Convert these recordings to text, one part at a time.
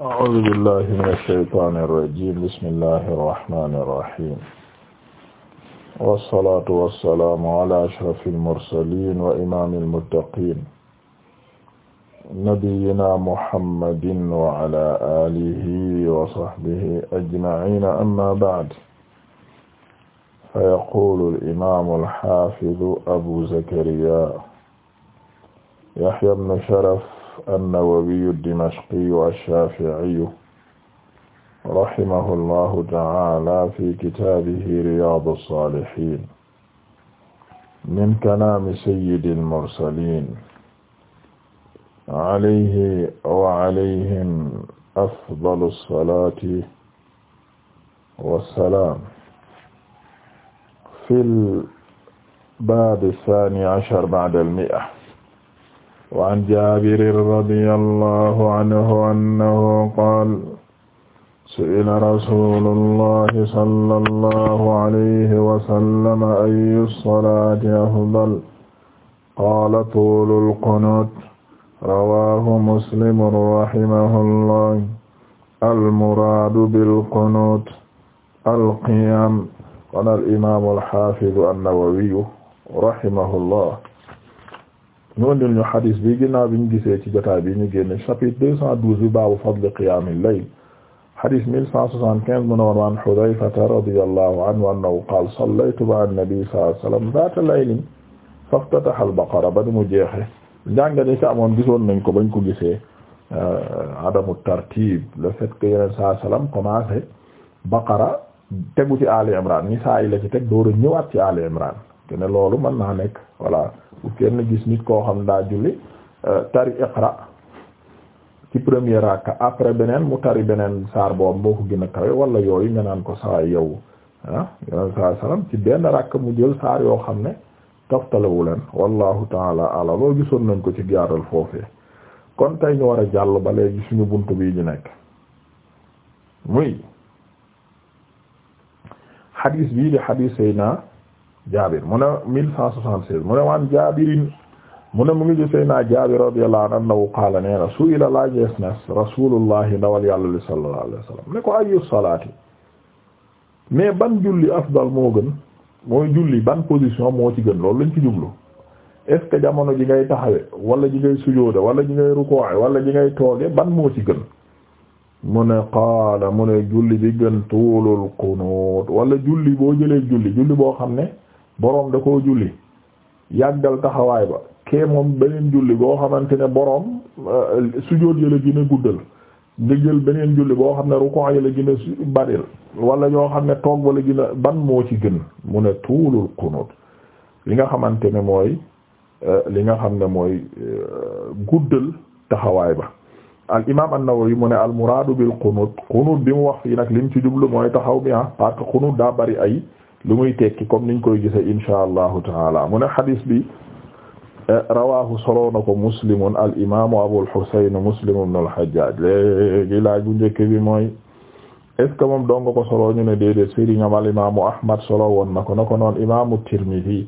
أعوذ بالله من الشيطان الرجيم بسم الله الرحمن الرحيم والصلاة والسلام على أشرف المرسلين وإمام المتقين نبينا محمد وعلى آله وصحبه أجمعين أما بعد فيقول الإمام الحافظ أبو زكريا يحيى بن شرف an-Nawawiyu ad-Dimashqiyu ash-Shafi'iyu rahimahullahu ta'ala fi kitaabihi Riyaadu as-Saalihiin min kalaami sayyidil mursaliin alayhi wa alayhim afdalu as-salaati wassalaam fil baab ath-thaani ashar ba'da al-mi'a وعن جابر رضي الله عنه أنه قال سئل رسول الله صلى الله عليه وسلم أي الصلاة أفضل قال طول القنوت رواه مسلم رحمه الله المراد بالقنوت القيام قال الإمام الحافظ النووي رحمه الله ñu indil bi ginnaaw bi ñu gisee ci jotaay bi ñu génne chapitre deux cent douze bi baabu fadl qiyaamil layl xadis mille cent soixante-quinze mu ne woon waan Xudayfata radiyallahu anhu annahu qaala sallaytu ma'a nabi sallallahu alayhi wa ba mu jeexee njàngale ci amoon gisoon nañ ko bañ ko gisee euh, adamu tartib le fait que yeneen saa salaam commencé ci Ali Imran ni saa yi la ci teg door a ñëwaat ci te ne loolu mën naa nekk voilà bu kenn gis nit koo xam daa julli euh, tari iqra ci premier raka après beneen mu tari beneen saar boobu boo ko gën a kawe wala yooyu nga naan ko saa yow ah yow saa salaam ci benn raka mu jël saar yoo xam ne toftalewu leen wallahu taala ala loolu gisoon nañ ko ci gaaral foofee kon tey ñu war a jàll ba léegi suñu buntu bii ñu nekk muy xadiis bii di xadiis Seyna. Jaabir mu ne 1176 mu ne waan Jaabirin mu ne mu ngi jël Seydina Jaabir radiyallahu anhu qaala nee na su'ila laajees na rasuulullahi ndawal yàlla li sallallahu alayhi wa sallam ne ko ayyu salaati mais ban julli afdal moo gën mooy julli ban position moo ci gën loolu lañ ci jublu est ce jamono ji ngay taxawe wala ji ngay sujooda wala ji ngay rukooxe wala ji ngay tooge ban moo ci gën mu ne qaala mu ne wala julli boo jëlee julli julli boo xam ne boroom da koo julli yàggal taxawaay ba kee moom beneen julli boo xamante ne boroom euh, sujjóot yële gën a guddal nga jël beneen julli boo xam ne ruku' yële gën a baril wala yoo xam ne toog wala gën a ban moo ci gën mu ne tuulul qunut li nga xamante ne mooy euh, li nga xam ne mooy euh, guddal taxawaay ba al imam an-Nawawi mu ne al muraadu bil qunut qunut bi mu wax fii nag lim ci jublu mooy taxaw bi ah parce qunut daa bari ay lu muy tekki comme niñ koy gise insha allah taala mu ne xadis bi rawahu soloo na ko muslimun al imamu abul husayn muslim ibn al hajjaj léegi laaj bu njëkk bi mooy est ce que moom donga ko soloo ñu al imamu ahmad solo woon na ko na ko noon imamu tirmidhi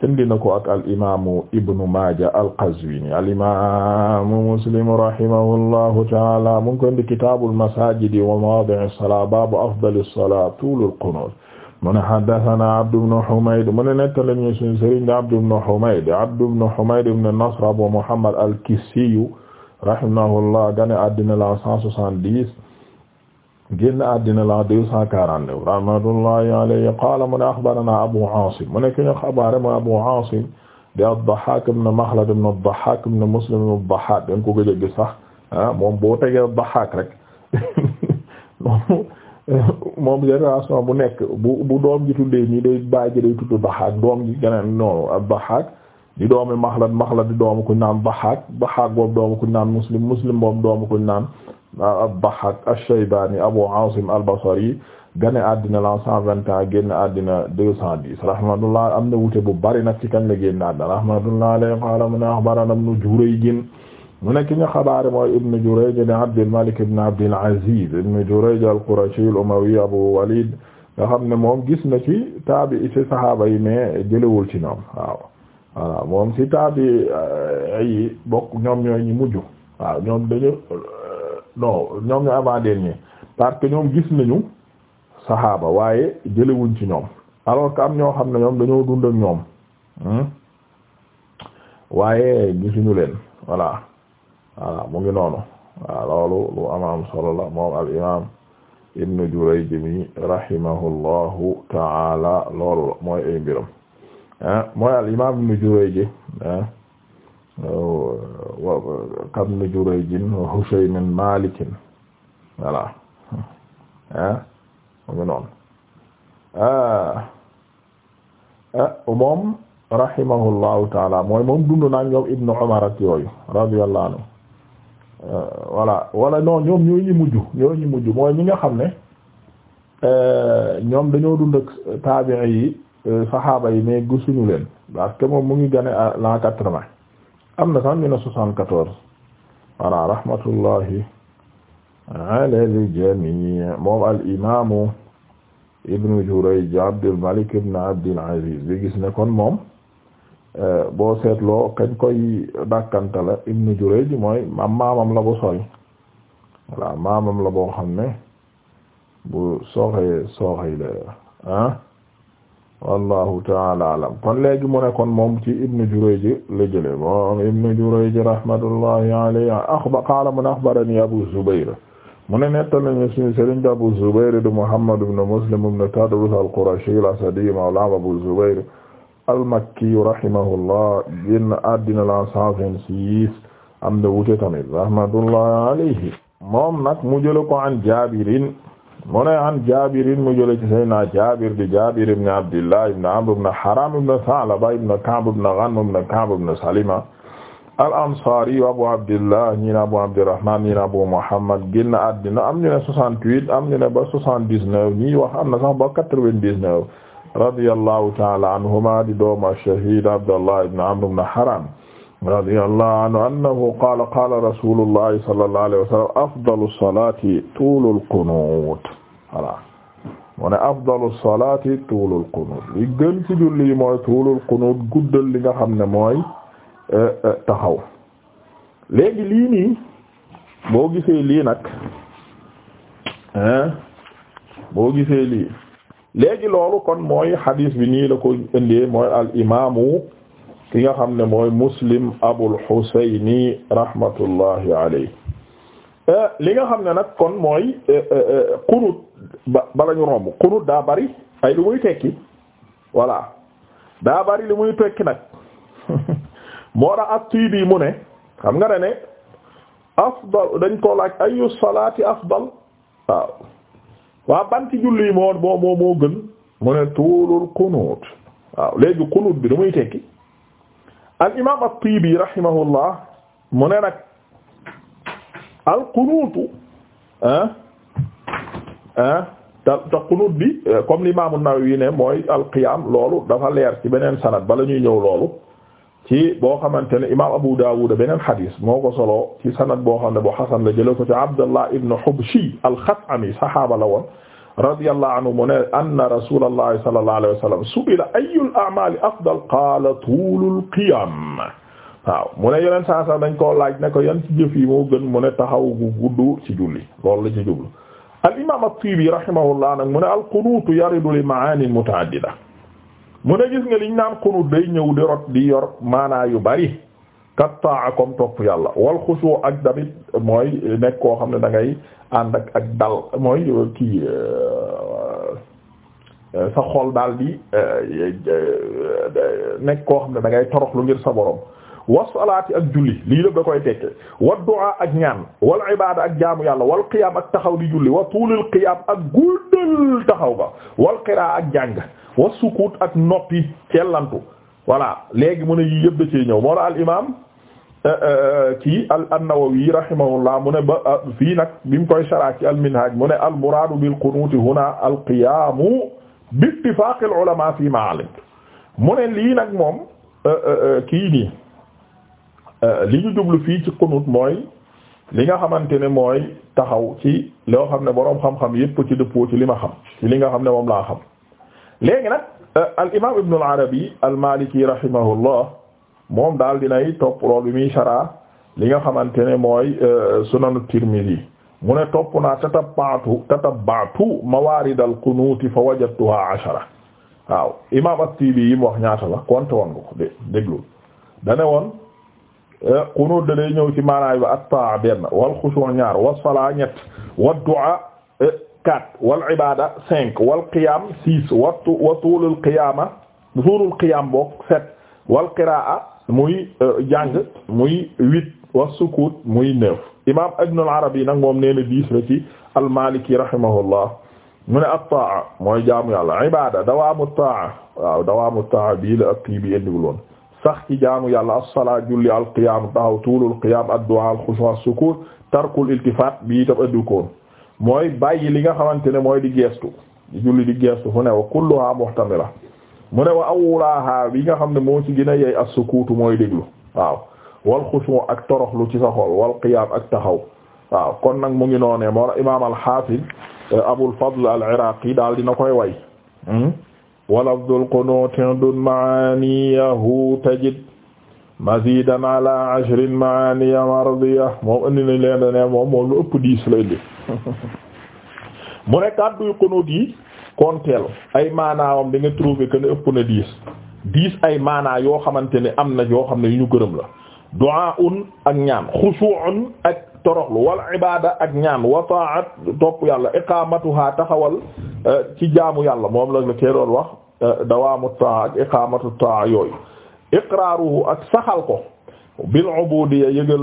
ak al imamu ibnu maaja al qazwini al imamu muslim rahimahullahu taala mu ngi ko indi kitabul masajidi wa mawadi'i as-salat babu afdalus salat tulul qunut mu ne haddathana Abdu bnu Humayd mu ne nettali ñu sunu sëriñ di Abdu bnu Humayd Abdu bnu Humayd ibn Nasr Abu Muhammad al-Kissi rahimahullah gane àddina la 170 génn àddina la 249 rahmatullahi alayhi qaala mu ne akhbarana Abu Aasim mu ne ki ñu xabaare mu Abu Aasim di ad-Dahhaak ibn Makhlad ibn ad-Dahhaak ibn Muslim ibn ad-Dahhaak dañ ko gëj a gis sax ah moom boo tegee ad-Dahhaak rek moom génération bu nekk bu bu doom ji tuddee nii day bàyyi ji day tudd Dahaak doom ji geneen noonu ak Dahaak di doomi Maxlad Maxlad di doomu kuñ naan Dahaak Dahaak boobu doomu kuñ naan Muslim Muslim boobu doomu kuñ naan Dahaak ash yi Abu Asim al-Basri gane àddina la cent vingt ans génn àddina deux cent dix rahmatullah am na wute bu bari nag ci kañ la génn àddina rahmatullah alayhi qala mun akhbarana ibn Jurayj mu nekk ñu xabaare mooy ibn Jurayj ibn Abdul Malik ibn Abdul Aziz ibn Jurayj al-Qurashi al-Umawi Abu Walid nga xam ne moom gis na ci taabi ci saxaaba yi mais jëlewul ci ñoom waaw voilà moom ci taabi euh, yi bokk ñoom ñooy ñi mujj waaw ñoom dañu euh, non ñoom ñooy avant-dernier parce que ñoom gis nañu saxaaba waaye jëlewuñ ci ñoom alors que am ñoo xam ne ñoom dañoo dund ak ñoom hmm? waaye gisuñu leen voilà voilà solo la moom al imaam ibnu Jurayj mi rahimahullahu loolu mooy ay ah, mooy al imaam ibnu Jurayj kabnu ah, Jurayjin wa Hushaymin Malikin voilà ah, mu mooy moom dundu na ñoom ibnu Umar ak yooyu radiyallahu Euh, voilà wala non ñoom ñoo ñu mujj ñoo ñu mujj mooy ñi nga xam ne euh, ñoom dañoo dund ak taabi'i yi euh, saxaaba yi mais gisuñu leen parce que moom mu ngi gane à l'an quatre-vingt am na sax ñu ne soixante-quatorze voilà rahmatullahi ala al-jamii moom al imaamu ibnu Jurayj Abdul Malik ibnu Abdul Aziz bi gis ne kon moom Euh, boo seetloo kañ koy dàkkanta la ibnu Jurayj mooy maam maamam la bu sori voilà maamam la boo xam ne bu sooxee sooxee la ah wallahu taala alam kon léegi mu ne kon moom ci ibnu Jurayj la jële moom ibnu Jurayj rahmatullahi alayhi axba qaala mu ne axbarani Abu Zubayr mu ne nettal nañu suñu sëriñ Abu Zubayr de Muhammad ibn Muslim ibn Tadrus al-Qurashi al-Asadi Abu Zubayr almakkiyu rahimahullah génn àddina la cent vingt six am na wute tamit rahmatullahi alayhi moom nag mu jële ko an jabirin mu ne an jabirin mu jële ci sayyidina jabir di jabir ibn abdillah ibn amr ibn haram ibn sa'laba ibn ka'b ibn ghanm ibn ka'b ibn salima al ansari abu abdillah ñi ne abu abdurrahman ñi ne abu muhammad génn àddina am ñu ne soixante-huit am ñu ne ba soixante-dix-neuf ñi wax am na sax ba quatre-vingt-dix-neuf radiyallahu ta'ala anhuma di doomu ash-shahid Abdallah ibn Amr ibn Haram radiyallahu anhu annahu qaala qaala rasuulullahi sallallahu alayhi wa sallam afdalu salaati tuulul qunuut voilà mu ne afdalu salaati tuulul qunuut li gën ci julli mooy tuulul qunuut guddal li nga xam ne mooy eh, eh, taxaw léegi lii nii boo gisee lii nag boo gisee lii léegi loolu kon mooy hadis bi nii la ko indee mooy al imaamu ki nga xam ne mooy muslim abul husayni rahmatullahi alayhi eh, li nga xam ne nag kon mooy eh, eh, qunut ba bala ñu romb qunut daa bari ay lu muy tekki voilà daa bari lu muy tekki nag moo tax at-Tiibi mu ne xam nga ne ne afdal dañ ko laaj ayu salaati afdal waaw ban ci julli moo moo gën mu ne tuulul qunut waaw léegi qunut bi da muy tekki al imaam at-Tiibi rahimahullah mu ne nag al qunutu ah ah te qunut bi comme l'imam an-Nawawi ne mooy al qiyam loolu dafa leer ci beneen sanad bala ñuy ñëw loolu ci boo xamante ne imaam Abu Dawud beneen xadis moo ko solo ci sanad boo xam ne bu xasan la jëlee ko ci Abdallah ibn Hubshi al-Khatami saxaaba la woon radiyallahu anhu mu ne anna rasulallahi sallallahu alayhi wa sallam su'ila ayyul a'mali afdal qaala tuulul qiyaam waaw mu ne yeneen saa sax dañ koo laaj ne ko yan ci jëf yi moo gën mu ne taxaw gu gudd ci julli loolu la ci jublu al imaam at-Tiibi rahimahullah nag mu ne al-qunuut yaridu li ma'aani muta'addida mu ne gis nga liñ naan xunut day ñëw di rot di yor maanaa yu bari kat taa comme topp yàlla wal xusu ak tamit mooy nekk koo xam ne da ngay ànd ak ak dal mooy kii euh, euh, sa xol daal di euh, nekk koo xam ne da ngay lu ngir sa borom wasalaati ak julli lii lépp da koy tekke wa du'a ak ñaan wal ibada ak jaamu yàlla wal qiyaam ak taxaw di julli wa tuulil qiyaam ak guddal taxaw ba wal qiraa ak jàng wa sukut ak noppi cellantu voilà léegi mu ne yii yëpp da cee ñëw moo la al imam eh, eh, kii al an-Nawawi rahimahullah mu ne ba ah, fii nag bi mu koy saraa ci al-Minhaj mu ne al-muraadu bil-qunuut huna al-qiyaamu bi-ittifaaqi al-ulamaa fii ma'alim mu ne lii nag moom eh, kii nii li ñu jublu fii ci qunut mooy li nga xamante ne mooy taxaw ci loo xam ne boroom xam-xam yépp ci dëppoo ci li ma xam ci li nga xam ne moom laa xam léegi nag euh, al imaam Ibn al Arabi al Maliki rahimahullah moom daal dinay topp lool bi muy li nga xamante ne mooy euh, sunanu Tirmidhi mu ne topp naa tatabbaatu tatabbaatu mawaarid al qunuut fa wajadtuha ashara waaw imaam at-Tibi yi mu wax ñaata la konte woon nga ko dane woon euh, qunuut da day ñëw ci maanaay ba at-taa benn wal xushu' ñaar was salaa ñett wad du'a quatre wal ibada cinq wal qiyam six watu wa tuulul qiyama tuulul qiyam boog sept wal qiraa muy euh, jàng muy huit wa sukut muy neuf imam ibn al arabi nag moom nee na dix la ci al maliki rahimahullah mu ne at-ta'a mooy jaamu yàlla ibada dawaamu ta'a waaw dawaamu ta'a bii la ak kii bi indiwul woon sax ci jaamu yàlla as-salaa julli al qiyam taxaw tuulul qiyam ad-du'a al khushu' as-sukut tarkul iltifat bi itam ëddu koon mooy bàyyi li nga xamante ne mooy di geestu di julli di geestu fu ne wa kulluha muhtamila mu ne wa awlaaha bi nga xam ne moo ci gën a yey as-sukuutu mooy déglu waaw wal xushu ak toroxlu ci sa xol wal qiyaam ak taxaw kon nag mu ngi noonee moo imaam al-Haafid eh, Abul Fadl al-Iraaqi daal dina koy way hmm? wa lafdul qunuuti dun maaniyahu tajid mazidan ala ashrin maaniya mardiya moom indi nañ ne moom moom lu ëpp diis la indi mu ne kàdduy qunut yi konteel ay maanaawam da nga trouver que ëpp na diis diis ay maanaa yoo xamante ni am na yoo xam ne yu ñu gërëm la du'aa'un ak ñaan xushu'un ak toroxlu wal ibaada ak ñaan wa topp yàlla iqaamatuha taxawal eh, ci jaamu yàlla moom la la kee doon wax eh, dawaamu ta'a ak iqaamatu ta'a yooyu iqraaruhu ak saxal ko bil ubudiyya yëgal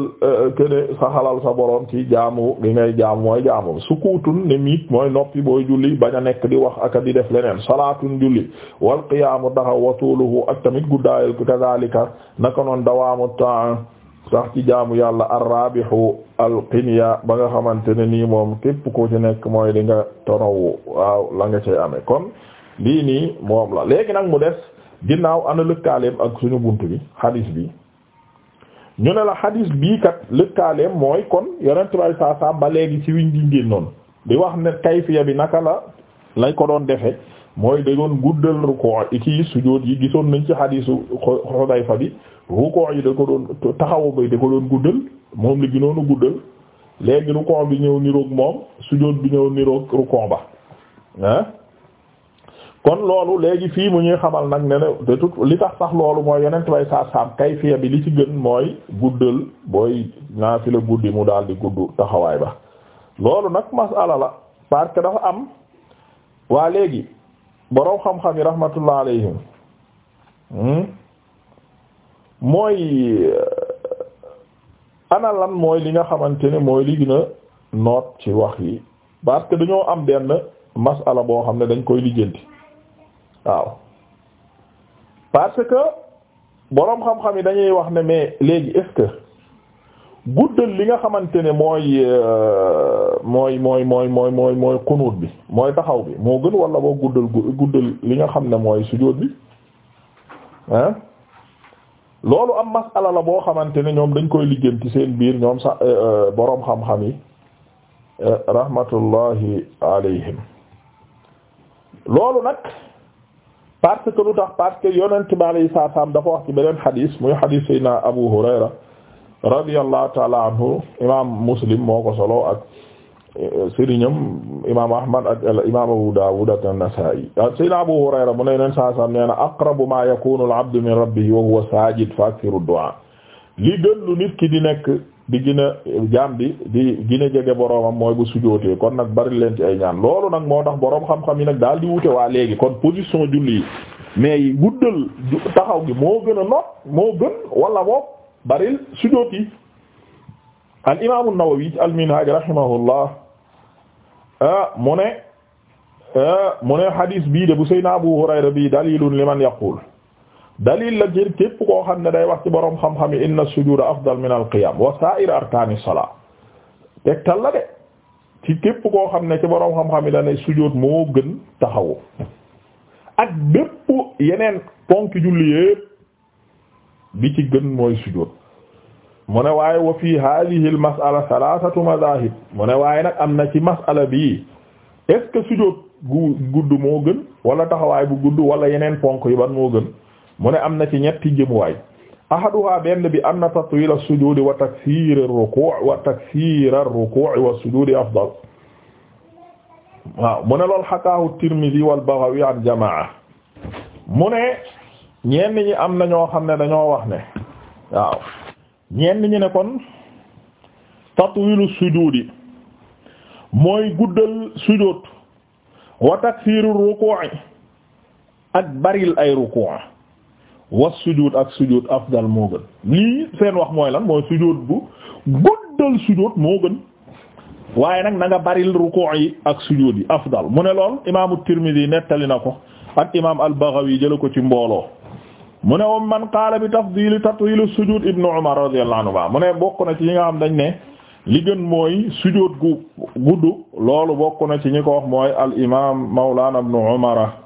kene euh, sa xalal sa boroom ci jaamu li ngay jaam mooy jaamu sukutun ni miit mooy noppi booy julli bañ a nekk di wax ak di def leneen salaatun julli wal qiyaamu taxaw wa tuuluhu ak tamit guddaayal ko kadhalika naka noon dawaamu taa sax ci jaamu yàlla arrabihu alqinya ba nga xamante ne nii moom képp ku ci nekk mooy li nga tonowu waaw la nga cay amee kon lii nii moom la léegi nag mu des ginnaaw ana lëkkaaleem ak suñu bunt bi hadis bi ñu ne la xadiis bii kat lëkkaaleem mooy kon yonent bi saa saa ba léegi ci wiñ gi génnoon di wax ne kayfiya bi naka la lañ ko doon defe mooy da doon guddal rukkoo ci sujóot yi gisoon nañ ci xadiisu Xudayfa bi rukkoo yi da ko doon taxawu ba da ko doon guddal moom la ginoonu guddal léegi rukkoo bi ñëw niroog moom sujóot bi ñëw niroog rukkoo ba ah kon loolu léegi fii mu ñuy xamal nag ne ne de tout li tax sax loolu mooy yonent bay saa saam kay fiya bi li ci gën mooy guddal booy naa fi la guddi mu daal di gudd taxawaay ba loolu nag masala la parce que dafa am waa léegi boroom xam-xam yi rahmatullah alayhim hmm, mooy euh, ana lan mooy li nga xamante ne mooy li gën noot ci wax yi parce que dañoo am benn masala boo xam ne dañ koy lijjanti waaw parce que boroom xam-xam yi dañuy wax ne mais léegi est guddal li nga xamante ne mooy euh, mooy mooy mooy mooy mooy mooy kunuut bi mooy taxaw bi moo gën walla boo guddal guddal li nga xam ne mooy sujjóot bi ah loolu am masala la boo xamante ne ñoom dañ koy liggéenti seen biir ñoom sax euh, euh, boroom xam-xam yi rahmatullahi alayhim loolu nag parce que lu tax parce que yonent bi alayhi salaam dafa wax ci beneen muy xadis Seydina Abu Hurayra radiyallahu taala anhu imaam Muslim moo ko solo ak eh, sëriñam imaam Ahmad ak eh, Abu Dawud ak An-Nasa'i ah, Abu Hurayra mu ne yonent salaam nee na aqrabu ma yakunu al-abdu min rabbihi wa huwa saajid fa akthiru ad-du'a di gën a jaam bi di gën a jege boroomam mooy bu sujootee kon nag bari leen ci ay ñaan loolu nag moo tax boroom xam-xam yi nag daal di wute waa léegi kon position julli yi mais guddal taxaw gi moo gën a noot moo gën walla boog baril sujoot yi al imaamu Nawawi ci al minhaj rahimahullah ah, mu ne ah, mu ne hadis bii de bu Seydina Abu Hurayra bi dalilun liman yaqul dalil la ngir képp koo xam ne day wax ci boroom xam-xam yi inna sujuda afdal min al qiyam wa sa'ir arkaani salaa tegtal la de ci képp koo xam ne ci boroom xam-xam yi la ne sujud moo gën taxawu ak bépp yeneen ponk julli yépp bi ci gën mooy sujud mu ne waaye wa fi hadhihi al mas'ala thalathatu madahib mu ne waaye nag am na ci mas'ala bi est sujud gu gudd moo gën wala taxawaay bu gudd wala yeneen ponk yi ban moo gën mu ne am na ci ñetti jëmuwaay ahaduha benn bi anna tatwil as-sujud wa takthir ar-ruku' wa takthir ar-ruku' wa as afdal waaw mu ne lool xakaahu Tirmidhi wal Baghawi an jamaa mu ne ñenn ñi am na ñoo xam ne dañoo wax ne waaw ñenn ñi ne kon tatwilu sujudi mooy guddal sujud wa taksiiru ruku'i ak baril ay ruku' was sujud ak sujud afdal moo gën lii seen wax mooy lan mooy sujud bu guddal sujud moo gën waaye nag nanga nga baril ruku' yi ak sujud yi afdal mu ne lool imaamu Tirmidhi nettali na ko ak imaam al-Baghawi jëla ko ci mbooloo mu ne wam man qaala bi tafdili tatwilu sujud ibnu Umar radiyallahu anhu mu ne bokk na ci ñi nga xam dañ ne li gën mooy sujud gu gudd loolu bokk na ci ñi ko wax mooy al imaam mawlana ibnu Umar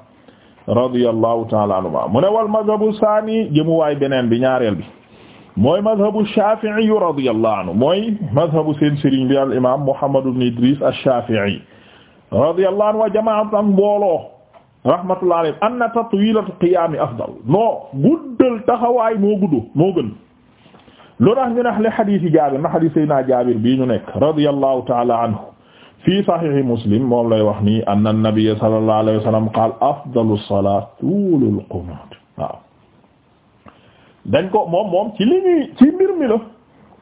radiyallahu ta'ala anhuma mu ne wal mazhabu saani jëmuwaay beneen bi ñaareel bi mooy mazhabu shafi'i radiyallahu anhu mooy mazhabu seen sëriñ bi al imam Muhammad ibn Idris ash-Shafi'i radiyallahu anhu wa jamaatu ak mbooloo rahmatullahi alayhi anna tatwilatu qiyaami afdal non guddal taxawaay moo gudd moo gën lu tax ñu ne li xadiisi Jaabir na xadiis Seydina Jaabir bii ñu nekk radiyallahu ta'ala anhu fi sahihi muslim moom lay wax nii anna nabiyya sallallahu alayhi wa sallam qaal afdalu salaat tuulul qunuut waaw dañ ko moom moom ci li ñuy ci mbir mi la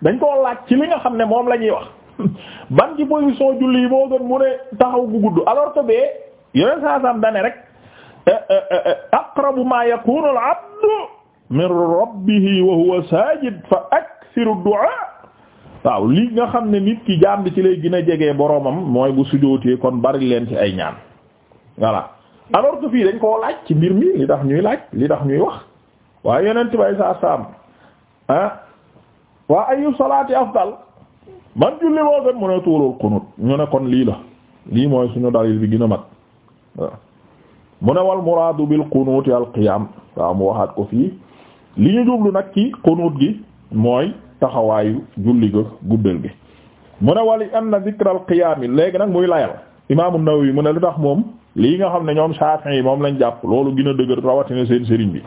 dañ koo laaj ci li nga xam ne moom la ñuy wax ban ci position julli yi moo gën mu ne taxaw gu gudd alors que bee yeneen saa sam dane rek eh, eh, eh, aqrabu ma yakunu al abdu min rabbihi wa huwa saajid fa akthiru du'aa waaw lii nga xam ne nit ki jaam bi ci lay gin a jege boromam mooy bu sujootee kon bari leen ci ay ñaan voilà alors que fii dañ koo laaj ci mbir mi li tax ñuy laaj li tax ñuy wax waaye yeneen tibay saa saam ah waa ayu salaati afdal man julli moo gën mu ne tuulul qunut ñu ne kon lii la lii mooy suñu dalil bi gën a mat mu ne wal muraadu bil qunuuti al qiyaam waaw mu waxaat ko fii li ñu jublu nag ci qunut gi mooy taxawaayu julli ga guddal gi mu ne wali an na zikral qiyaam yi léegi nag muy layal imaam an-Nawawi mu ne lu tax moom lii nga xam ne ñoom Shafi'i yi moom lañ jàpp loolu gën a dëgër rawatina seen sëriñ bi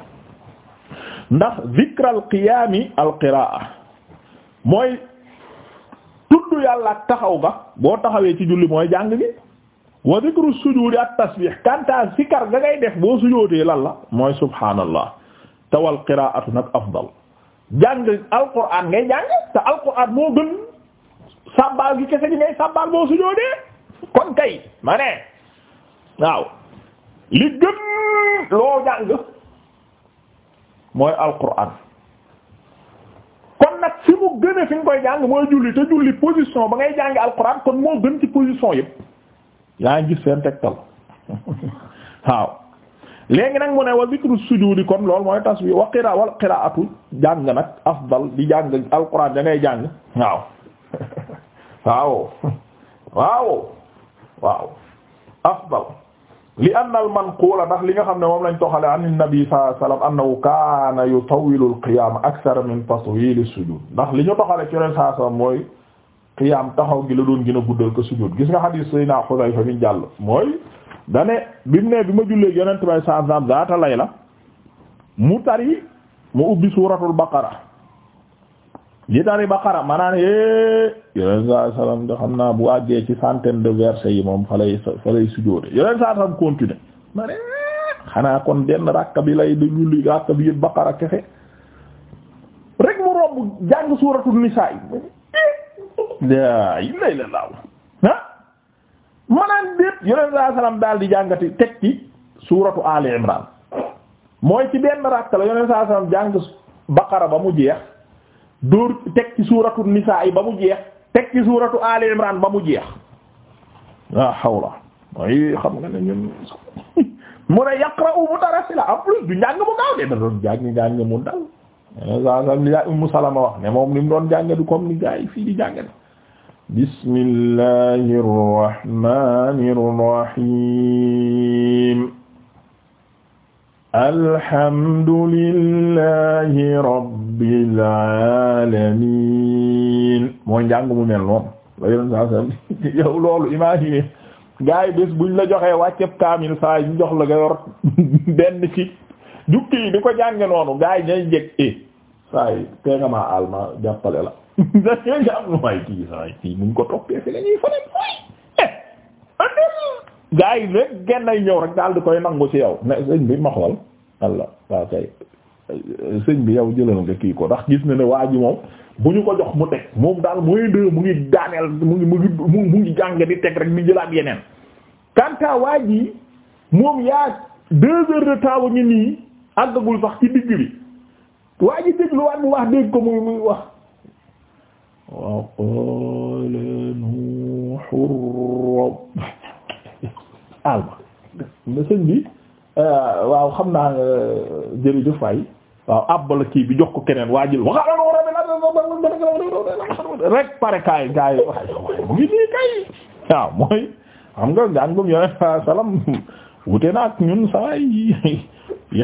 ndax zikral qiyaam yi mooy tudd yàlla ak taxaw ga boo taxawee ci julli mooy jàng gi wa dhikru sujuudi at-tasbiih kanta zikar ga ngay def boo sujootee lan la mooy subhaanallah tawal qiraatu nag afdal jàng alquran ngay jàng te alquran moo gën sàbbaal gi kese gi ngay sàbbaal boo sujoodee kon kay ma ne waaw li gën loo jàng mooy alquran kon nag si mu gën a fi nga koy jàng mooy julli te julli position ba ngay jàng alquran kon moo gën ci position yëpp yaa ngi gis seen tegtal waaw léegi nag mu ne wa zikru sujudi kon loolu mooy tasbih wa qira wal qiraatu jàng nag afdal di jàng alquran da ngay jàng waaw waaw waaw waaw afdal li anna al manqula ndax li nga xam ne moom lañ toxale an nabi sallallahu alayhi wasallam annahu kaana yutawilu al qiyam akthar min tatwil as sujud ndax li ñu toxale ci ren saa sallam mooy qiyam taxaw gi la doon gën a guddal ko sujud gis nga hadith sayna Hudayfa min jàll mooy dane bi mu ne bi ma jullee yonent bay sansam zaata layla mu tari mu ubbi suuratul baqara li tari baqara maanaa ne saa sallam da xam naa bu àggee ci centaine de versets yi moom fa lay fa lay sujjóote yonent saa sallam continuer xanaa kon denn ràkka bi lay da julli ràkka bi yëpp baqara kefe rek mu romb jàng suuratul nisaa yi laa ilaaha manaan déet yonent saa salaam daal di jàngati teg ci suuratu Ali Imran mooy ci benn rakk la yonent saa salaam jàng baqara ba mu jeex dóor teg ci suuratu nisaa yi ba mu jeex teg ci suuratu Ali Imran ba mu jeex la hawla mooy xam nga ne ñun mu ne yaqra'u la en plus du njàng mu gaaw de da doon jàng njàng mu dal yonent saa salaam li daa Ummu Salama wax ne moom ni mu doon jàng du comme ni gaa yi fii di bismillahi irrahmani irrahim alhamdulillahi rabbil alamin mooy njàng mu mel noonu la yonen saa sam yow loolu imagine gars yi bés buñ la joxee wàcceb kaamil saa ñu jox la nga benn ci jukki di ko jànge noonu gars yi ñay jeg e saa maa alma jàppale la dañuy kii sax kii mu ngi ko toppee fi la ñuy faral mooy. gaa yi rek genn ay ñëw rek daal di koy nangu ci yow ne sëñ bi ma xool walla waaw kay sëñ bi yow jëlal nga kii ko ndax gis ne waa ji moom bu ñu ko jox mu teg moom daal mooy dëgg mu ngi daaneel mu ngi mu ngi jàng di teg rek di jëlaat yeneen. quant à waa ji moom yaa deux heures de temps ngi nii àggagul sax ci digg bi waa ji dégluwaat mu wax dégg ko muy muy wax. wa qaala Nuuhu bi euh, waaw xam naa euh, jërëjëf waay waaw abbala kii bi jox ko keneen waa jël rek pare kaay gaay waaw mooy xam nga jàngum yoneen sa salam wute na ak ñun saa yi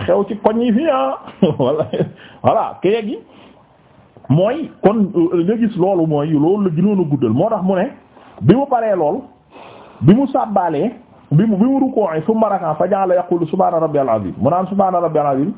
xew ci koñ yi fii ah wala voilà keeg yi mooy kon euh, nga gis loolu mooy loolu la gënoon guddal moo tax mu ne bi mu paree lool bi mu sàbbaalee bi mu bi mu ruku'i summa raka'a fa ja'ala yaqulu subhaana rabbiyal azim mu naan subhaana rabbiyal azim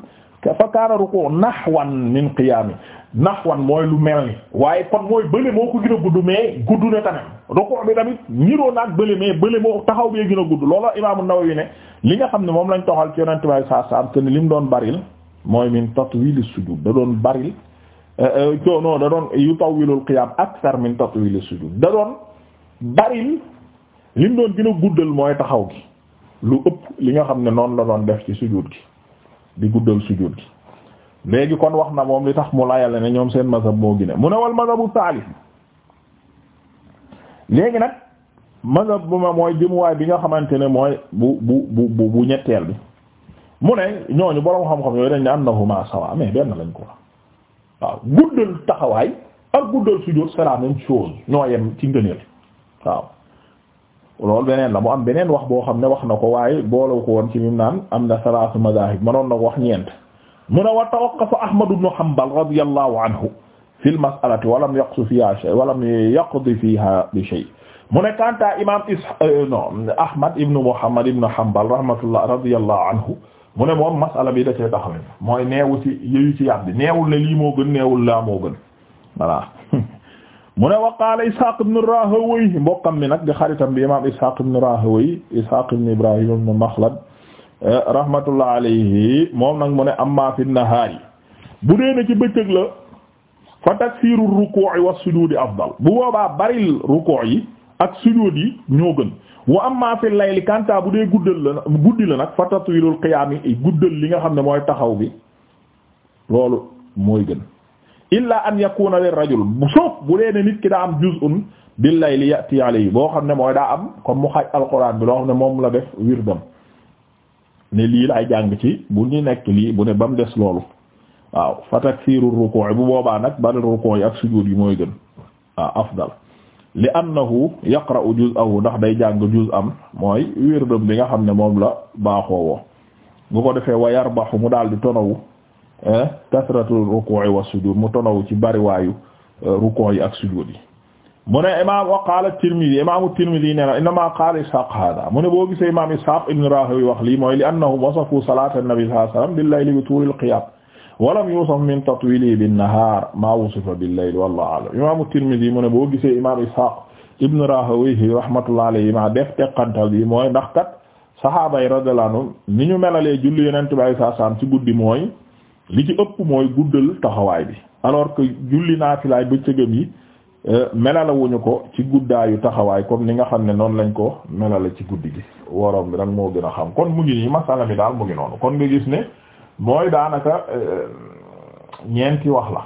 fa kaana ruku'u nahwan min qiyaami nahwan mooy lu mel ni waaye kon mooy bële moo ko gën a gudd mais gudd na tamit ruku' bi tamit ñiroo naag bële mais bële moo taxaw bee gën a gudd loolu imaamu Nawawi ne li nga xam ne moom lañ toxal ci yonente way saa li mu doon baril mooy min tatwiil sujud da Euh, euh, coono da doon yutawwilul qiyaam ak min tatwilis sujud da doon baril lim doon gën a guddal mooy taxaw gi lu ëpp li nga xam ne noonu la doon def ci sujud gi di guddal sujud gi léegi kon wax na moom li tax mu yàlla ne ñoom seen mazhab moo gën a mu ne wal mazhabu taalif léegi nag mazhab bu ma mooy jëmuwaay bi nga xamante ne mooy bu bu bu bu ñetteel bi mu ne ñooñu boroom xam-xam yooyu dañ ne annahuma sawa mais benn lañ ko wax waaw guddal taxawaay ak guddal sujjóot c'est la même chose ñoo yem ci ngëneel waaw loolu beneen la mu am beneen wax boo xam ne wax na ko waaye boole ko woon ci mim naan am na salaasu madahib manoon na ko wax ñeent mu ne wa tawaqqafa Ahmad ibn Hanbal radiyallahu anhu fil mas'alati walam yaqsu fiha shay walam yaqdi fiha bi shay mu ne kanta imam is euh, non Ahmad ibn Muhammad ibn Hanbal rahmatullah radiyallahu anhu mu ne moom masala bi da cee taxawe mooy neewu ci yëyu ci yàbbi neewul ne lii moo gën neewul laa moo gën voilà mu ne wa qaala Ishaq ibn mbokkam mi nag di xaritam bi imaam Ishaq ibn Rahawayh Ishaq ibn Ibrahim ibn Makhlad eh, rahmatullah alayhi moom nag mu ne amma fi nahaari bu dee ne ci bëccëg la fa taksiiru rukuu'i wa sujuudi afdal bu boobaa baril rukuu'i ak sujuudi ñoo gën wa amma fi layli kanta bu dee guddal la guddi la nag fa tatwilul qiyaam yi guddal li nga xam ne mooy taxaw bi loolu mooy gën illa an yakuna lir rajul bu bu dee ne nit ki daa am juz'un bil layli yati alayhi boo xam ne mooy daa am comme mu xaj alquran bi loo xam ne moom la def wirdam ne lii laay jàng ci bu ñu nekk lii bu ne ba mu des loolu waaw fa taksiiru ruku' bu boobaa nag bari ruku' yi ak sujud yi mooy gën waaw afdal li annahu yaqra'u juz'ahu ndax day jàng juz'am mooy wirdam bi nga xam ne moom la baaxoo woo ko defee wa yarbaxu mu daal di tonawu eh, kasratu ruku'i wa sujud mu tonawu ci bariwaayu waayu eh, yi ak sujud yi mu ne imam wa qala Tirmidhi imam Tirmidhi ne na innama qala Ishaq hada mu ne boo gisee imam Ishaq ibn Rahowi wax lii mooy li annahum wasafu salata an-nabi sallallahu alayhi wasallam bil layli bi tuulil qiyaam wala walam yusaf min tatwili binnahaar maa wusifa billayl wallahu a'lam imaamu yi mu ne boo gisee imaam Ishaq ibn Rahawayhi rahmatullahi alayhi ma def teqantal bi mooy ndax kat sahaaba yi radiyallahu anhum ni ñu melalee julli yonent bi saa saam ci guddi mooy li ci ëpp mooy guddal taxawaay bi alors que julli naafilaay bëccëgam yi euh, melalawuñu ko ci guddaayu taxawaay comme ni nga xam ne noonu lañ ko melale ci guddi gi waroom bi nag moo gën a xam kon mu ngi nii masala mi gis mooy daanaka euh, ñeenti wax la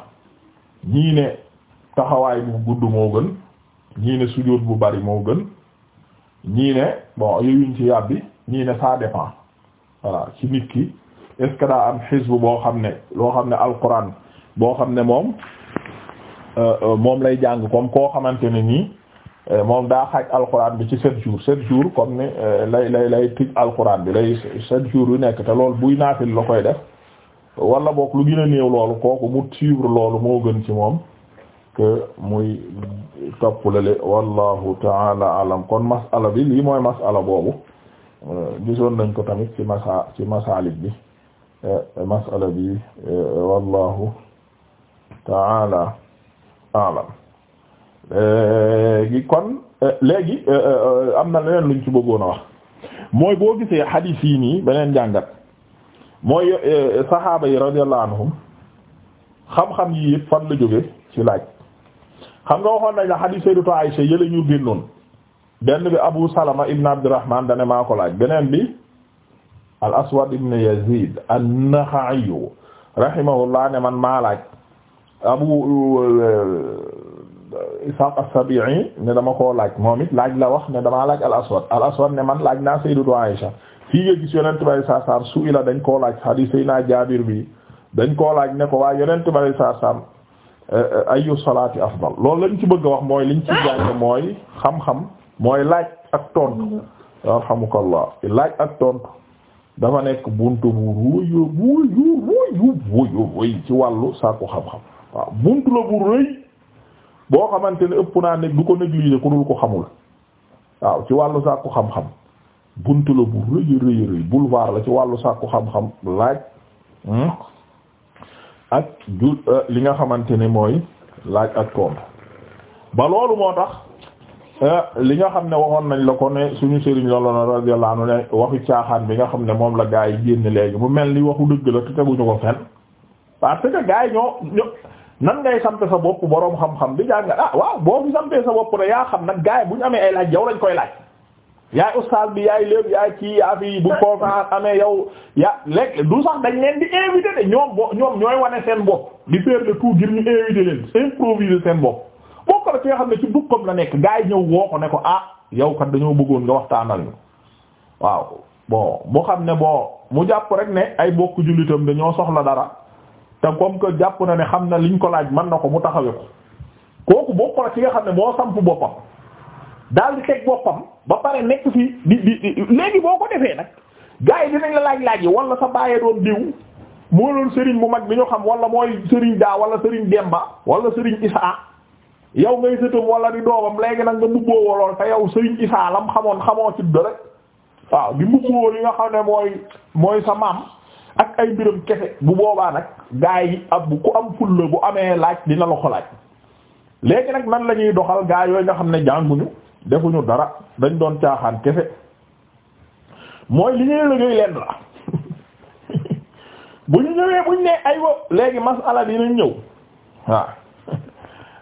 ñii ne taxawaay bu gudd moo gën ñii ne sujjóot bu bari moo gën ñii ne bon yowuñ ci yàbbi ñii ne ça dépend voilà ci nit ki est daa am xisbu boo xam ne loo xam ne alquran boo xam ne moom euh, euh, moom lay jàng comme koo xamante ne nii Euh, moom daa xaaj alxuraan bi ci set jours sept jours comme ni euh, lay lay lay tij alxuraan bi lay sept jours yu nekk te loolu buy naafil la koy def wala boog lu gën néew loolu kooku mu suivre loolu moo gën ci moom que muy toppalale wallahu taala alam kon masala bi lii mooy masala boobu euh, gisoon nañ ko tamit ci masa ci masalik bi masala bi wallahu taala alam Euh, kon euh, léegi euh, am na leneen luñ ci bëggoon a wax mooy boo gisee xadiis yi nii beneen jàngat mooy saxaaba yi radiyallahu anhum xam-xam yi yëpp la jóge ci laaj xam nga waxoon nañ la xadiis sayyidatu Aysa yële ñu génnoon benn bi Abu Salama ibn Abdurrahman dane maa ko laaj beneen bi al Aswad ibn Yazid an-Naxa'i ne man maa laaj Abu Isaaq as ne dama koo laaj moom it laaj la wax ne damaa laaj al-Aswad al-Aswad ne man laaj naa Sayyidatu Aïsha fii nga gis Yonent bi saa su ila dañ koo laaj hadiis Seydina Jaabir bi dañ koo laaj ne ko waa Yonent bi saa saam ayu salaati afdal lool lañ ci bëgg a wax mooy liñ ci jàng mooy xam-xam mooy laaj ak tontu yarhamukallah laaj ak tontu dafa nekk buntu bu rëy bu rëy bu rëy bu rëy ci wàllu saako xam-xam waaw buntu la bu rëy. boo xamante ne ëpp naa ne du ko négliger ku dul ko xamul waaw ci wàllu sàkku xam-xam bunt la bu rëy rëy rëy boulevard la ci wàllu sàkku xam-xam laaj hmm, ak ju euh, li nga xamante ne mooy laaj ak tontu ba loolu moo tax euh, li nga xam ne waxoon nañ la ko ne suñu sëriñ la loon radiyallahu anhu ne waxu caaxaan bi nga xam ne moom la gaa yi génn léegi mu mel ni waxu dëgg la te teguñu ko fenn parce que gaa yi ñoo ñoo nan ngay sampe sa bopp boroom xam-xam bi jàng ah waaw boo sampee sa bopp ne yaa xam nag gars yi bu ñu amee ay laaj yow lañ koy laaj yaay ustaas bi yaay léegi yaay kii yaa fi bu conférence amee yow ya lekk du sax dañ leen di invité de ñoom bo ñoom ñooy wane seen bopp di faire le tout ngir ñu invité leen improviser seen bopp bokk na ci xam ne ci dukkam la nekk gars yi ñëw woo ko ne ko ah yow kat dañoo bëggoon nga waxtaanal ñu waaw bon mu xam ne bon mu jàpp rek ne ay bokk jullitam dañoo soxla dara te comme que jàpp na ne xam na liñ ko laaj man na ko mu taxawe ko kooku bokk la ci nga xam ne moo samp boppam daal di teg boppam ba pare nekk fi di di léegi boo ko defee nag gars yi dinañ la laaj laaj yi wala sa bàyyee doon diw moo doon Serigne mu mag bi ñu xam wala mooy Serigne daa wala Serigne Demba wala Serigne Isaa yow ngay sëtam wala di doomam léegi nag nga mbubboo walool te yow Serigne Isaa lam xamoon xamoo ci dara waaw di mbubboo li nga xam ne mooy mooy sa maam. ak ay mbiram kese bu boobaa nag gaa yi ab ku am fulla bu amee laaj dina la laaj léegi nag nan la ñuy doxal gaa yooyu nga xam ne jànguñu defuñu dara dañ doon caaxaan kese mooy li ñuy liggéey lenn la bu ñu ñëwee buñ ne ay wo léegi masala dinañ ñëw waaw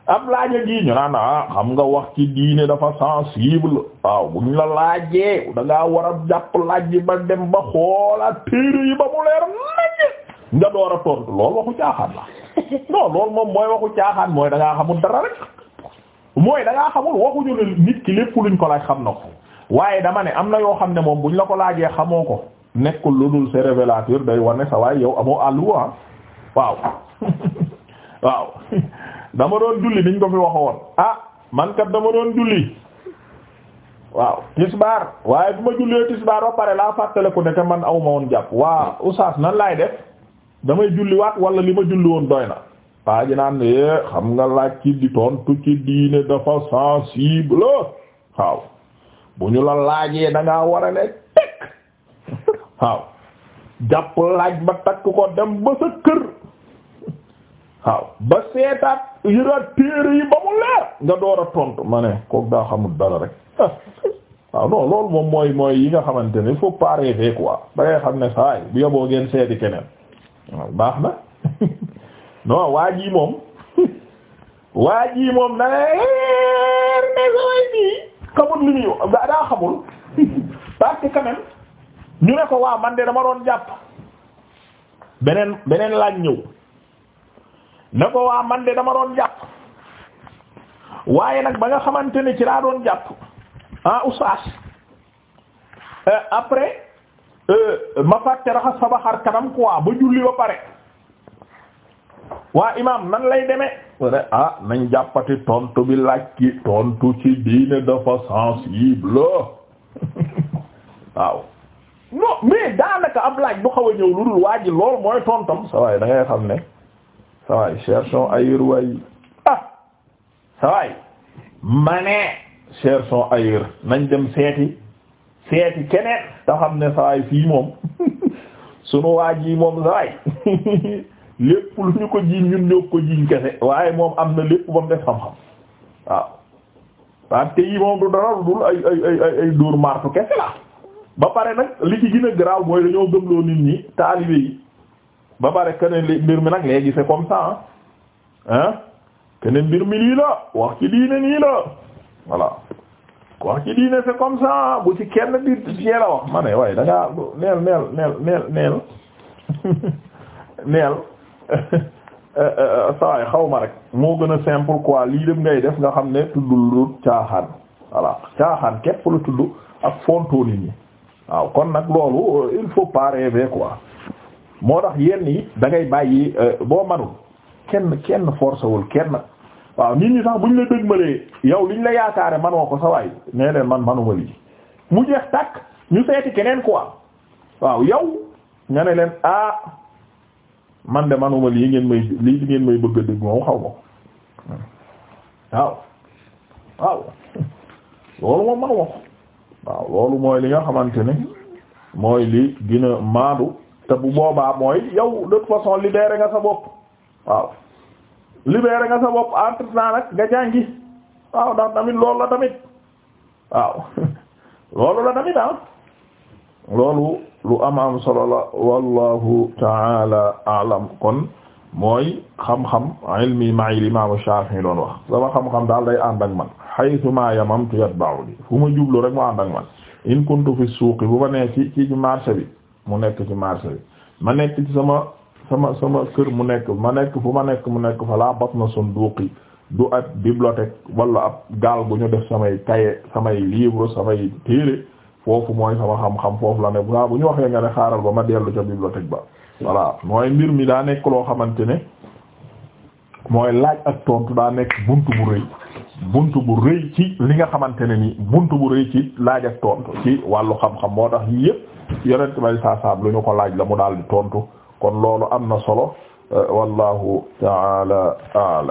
am laaj a ñu naan ah xam nga wax ci diine dafa sensible waaw buñ la laajee da war a jàpp laaj bi ba dem ba xoolaat téere yi ba mu leer naññ nga door a tontu loolu waxu caaxaan la non loolu moom mooy waxu caaxaan mooy da ngaa xamul dara rek mooy da ngaa waxuñu ne nit ki lépp luñ ko laaj xam na ko waaye dama ne am na yoo xam ne moom buñ la ko laajee xamoo ko nekkul lu dul c'est révélateur day wane sa waaye yow amoo àlluwa ah. waaw waaw dama doon julli niñ ko fi waxoon ah man kat dama doon julli waaw tisbaar waaye duma ma jullee tisbaar ba pare laa fàttaliku ne te man aw ma woon jàpp waa oustaz nan laay def damay julliwaat wala li ma julli woon doy na waa ji naan xam nga laaj ci di tontu ci diine dafa sensible waaw bu ñu la laajee da ngaa a ne teg waaw jàpp laaj ba takk ko dem ba sa waaw ba seetaat yëraat téere yi ba mu leer nga door a tontu ma ne kooku daa xamul dara rek waaw non loolu moom mooy mooy yi nga xamante ne il faut pas rêver quoi da ngay xam ne saay bu yoboo ngeen seeti keneen baax na non waa ji moom waa ji moom na leer ne sooy bii xamul li muy daa xamul parce que quand ñu ne ko waa man de dama doon jàpp beneen beneen laaj ñëw ne ko waa man de dama doon jàpp waaye nag ba nga xamante ne ci laa doon jàpp ah oustaz euh, après euh, ma fàtte raxas sama xar kanam quoi ba julli ba pare waa imam nan lay deme ware ah, nañ jàppati tontu bi làkki tontu ci diine dafa sensible waaw non mais daanaka ab laaj bu xaw a ñëw lu dul waa ji lool mooy tontam sa waaye da xam ne sawaay cherchons ailleurs waay ah sawaay mane cherchons ailleurs nañ dem seeti seeti keneen te xam ne sawaay fii moom sunu waa yi moom sawaay lépp lu ñu ko jiiñ ñun ñoo ko jiiñ kese waaye moom am na lépp ba mu def xam-xam waaw parce que moom du dara dul ay ay ay dóor martu kese la ba pare nag li ci gën a mooy dañoo gëmloo nit ñi taalibe yi ba bare que ne mbir mi nag léegi c'est comme ça hein que ne mbir mi lii la wax ci diine nii la voilà wax ci diine c'est comme ça bu ci kenn di ci la wax ma ne waaye da ngaa neel neel neel neel neel neel eh, eh, eh, sawaay xaw ma rek moo gën a simple quoi lii dem ngay def nga xam ne tuddul lu caaxaan voilà caaxaan képp lu tudd ak fonto nit ñi waaw kon nag loolu il faut pas rêver quoi moo tax yenn yi da bàyyi euh, boo manul kenn kenn forcé wul kenn waaw nit ñi sax bu ñu la dëgmalee yow liñ la yaakaare manoo ko sa waay nee leen man manuma lii mu jeex tàkk ñu seeti keneen quoi waaw yow nga ne leen ah man de manuma lii ngeen may lii ngeen may bëgg a dëgg moom xaw ma waaw waaw loolu moom manuma ko waaw loolu mooy li nga xamante ne mooy li gën a te bu boobaa mooy yow de toute façon libéré nga sa bopp waaw nga sa waaw ndax tamit loolu la tamit waaw loolu la tamit ah loolu lu am am solo la wallahu taala alam kon mooy xam-xam ilmi ma'i daal day ànd ak man haythuma yamamtu yatba'uni fu ma jublu rek mu ànd ak man in kuntu fi suuqi bu ma nee ci ci marché bi mu nekk ci marché bi ma nekk ci sama sama sama kër mu nekk ma nekk fu ma nekk mu nekk fa laa bas na sunduuqi du ab bibliothèque wala ab gaal bu ñu def samay kaye samay livre samay téere foofu mooy sama xam-xam foofu la ne saa bu ñu waxee nga ne xaaral ba ma dellu ca bibliothèque ba voilà mooy mbir mi daa nekk loo xamante ne mooy laaj ak tontu daa nekk bunt bu rëy bunt bu rëy ci li nga xamante ne ni bunt bu rëy ci laaj ak tontu ci wàllu xam-xam moo tax yonent may saasaam lu ñu ko laaj la mu daal di tontu kon loolu am na solo wallahu ta'ala a'lam